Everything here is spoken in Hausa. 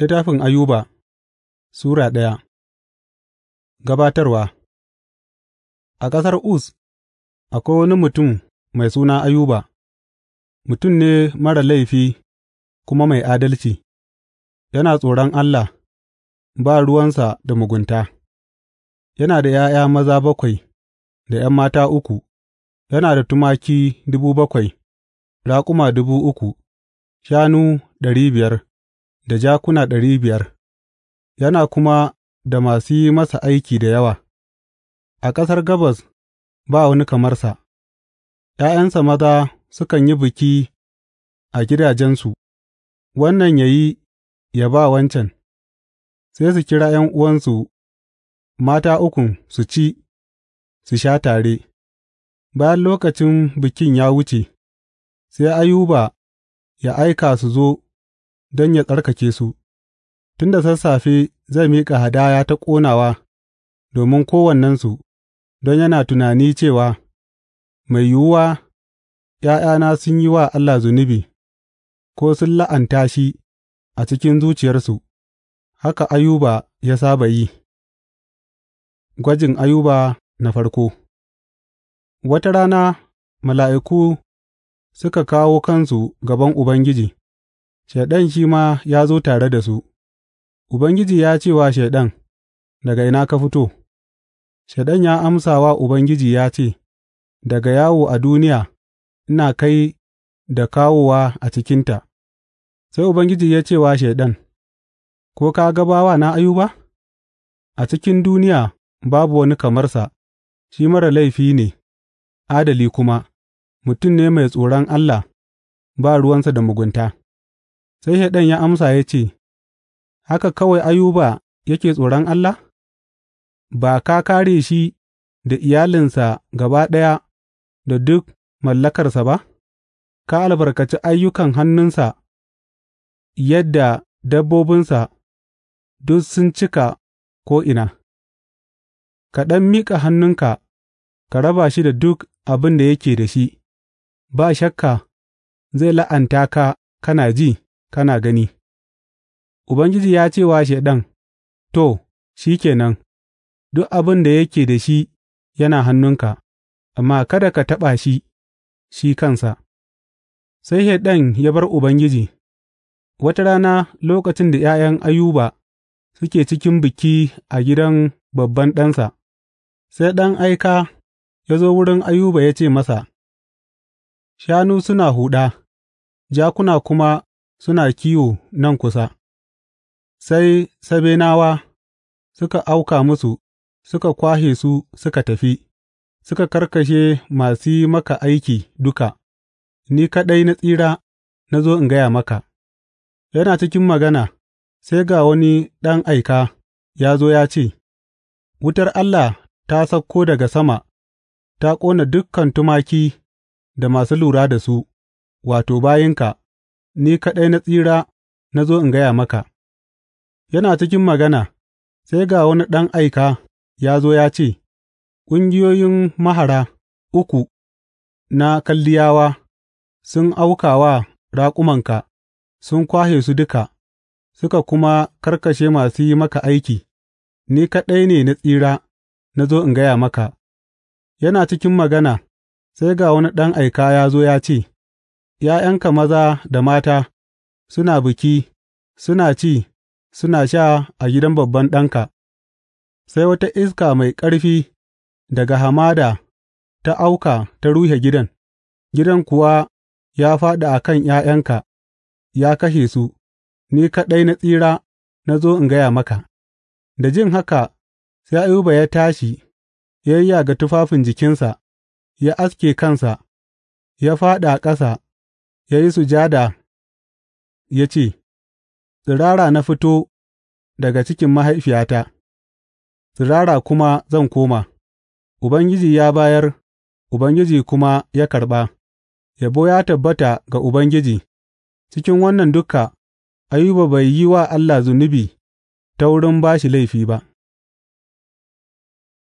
Littafin Ayuba Sura ɗaya Gabatarwa A ƙasar Uz, akwai wani mutum mai suna Ayuba, mutum ne mara laifi kuma mai adalci, yana tsoron Allah, ba ruwansa da mugunta, yana da ’ya'ya maza bakwai da ’yan mata uku, yana da tumaki dubu bakwai, raƙuma dubu uku, shanu ɗari biyar. da jakuna ɗari biyar, yana kuma da masu yi masa aiki da yawa, a ƙasar gabas ba wani kamarsa, ’ya'yansa maza sukan yi biki a gidajensu, wannan ya yi ya ba wancan, sai su kira ’yan'uwansu mata ukun su ci, su sha tare, bayan lokacin bikin ya wuce, sai Ayuba ya aika su zo. don yă tsarkake su, tun da sassafe zai miƙa hadaya ta ƙonawa domin kowannensu, don yana tunani cewa, Mai yiwuwa ’ya'yana sun yi wa Allah zunubi, ko sun la'anta shi a cikin zuciyarsu, haka Ayuba ya saba yi. Gwajin Ayuba na farko Wata rana mala'iku suka kawo kansu gaban Ubangiji. Shaiɗan shi ma ya zo tare da su, Ubangiji ya ce wa Shaiɗan, Daga ina ka fito? Shaiɗan ya amsa wa Ubangiji ya ce, Daga yawo a duniya ina kai da kawowa a cikinta. Sai Ubangiji ya ce wa Shaiɗan, Ko ka ga bawa na Ayuba? A cikin duniya babu wani kamarsa, shi mara laifi ne, adali kuma, mutum ne mai tsoron Allah, ba ruwansa da mugunta. Sai Shaiɗan ya amsa ya ce, Haka kawai Ayuba yake tsoron Allah? Ba ka kare shi da iyalinsa gaba ɗaya da duk mallakarsa ba, ka albarkaci ayyukan hannunsa yadda dabbobinsa duk sun cika ko'ina, ka ɗan miƙa hannunka ka raba shi da duk abin da yake da shi, ba shakka zai la'anta ka kana ji. kana gani. Ubangiji ya ce wa Shaiɗan, To, shi ke nan, duk abin da yake da shi yana hannunka, amma kada ka taɓa shi, shi kansa. Sai Shaiɗan ya bar Ubangiji, wata rana lokacin da ’ya'yan Ayuba suke cikin biki a gidan babban ɗansa, sai ɗan aika ya zo wurin Ayuba ya ce masa, Shanu suna huɗa, jakuna kuma suna kiwo nan kusa, sai Sabenawa suka auka musu suka kwashe su suka tafi, suka karkashe masu yi maka aiki duka, ni kaɗai na tsira na zo in gaya maka. Yana cikin magana, sai ga wani ɗan aika ya zo ya ce, Wutar Allah ta sauko daga sama, ta ƙona dukkan tumaki da masu lura da su, wato, bayinka. ni kaɗai na tsira na zo in gaya maka. Yana cikin magana, sai ga wani ɗan aika ya zo ya ce, Ƙungiyoyin mahara uku na kalliyawa sun auka wa raƙumanka, sun kwashe su duka, suka kuma karkashe masu yi maka aiki, ni kaɗai ne na tsira na zo in gaya maka. Yana cikin magana, sai ga wani ɗan aika ya zo ya ce, ’Ya'yanka maza da mata suna biki, suna ci, suna sha a gidan babban ɗanka, sai wata iska mai ƙarfi daga hamada ta auka ta rushe gidan, gidan kuwa ya fāɗi a kan ’ya'yanka ya kashe su, ni kaɗai na tsira na zo in gaya maka!’ Da jin haka sai Ayuba ya tashi ya yayyaga tufafin jikinsa, ya aske kansa, ya fāɗi a ƙasa. ya yi sujada ya ce, Tsirara na fito daga cikin mahaifiyata, tsirara kuma zan koma, Ubangiji ya bayar, Ubangiji kuma ya karɓa, yabo ya tabbata ga Ubangiji, cikin wannan duka Ayuba bai yi wa Allah zunubi ta wurin ba shi laifi ba.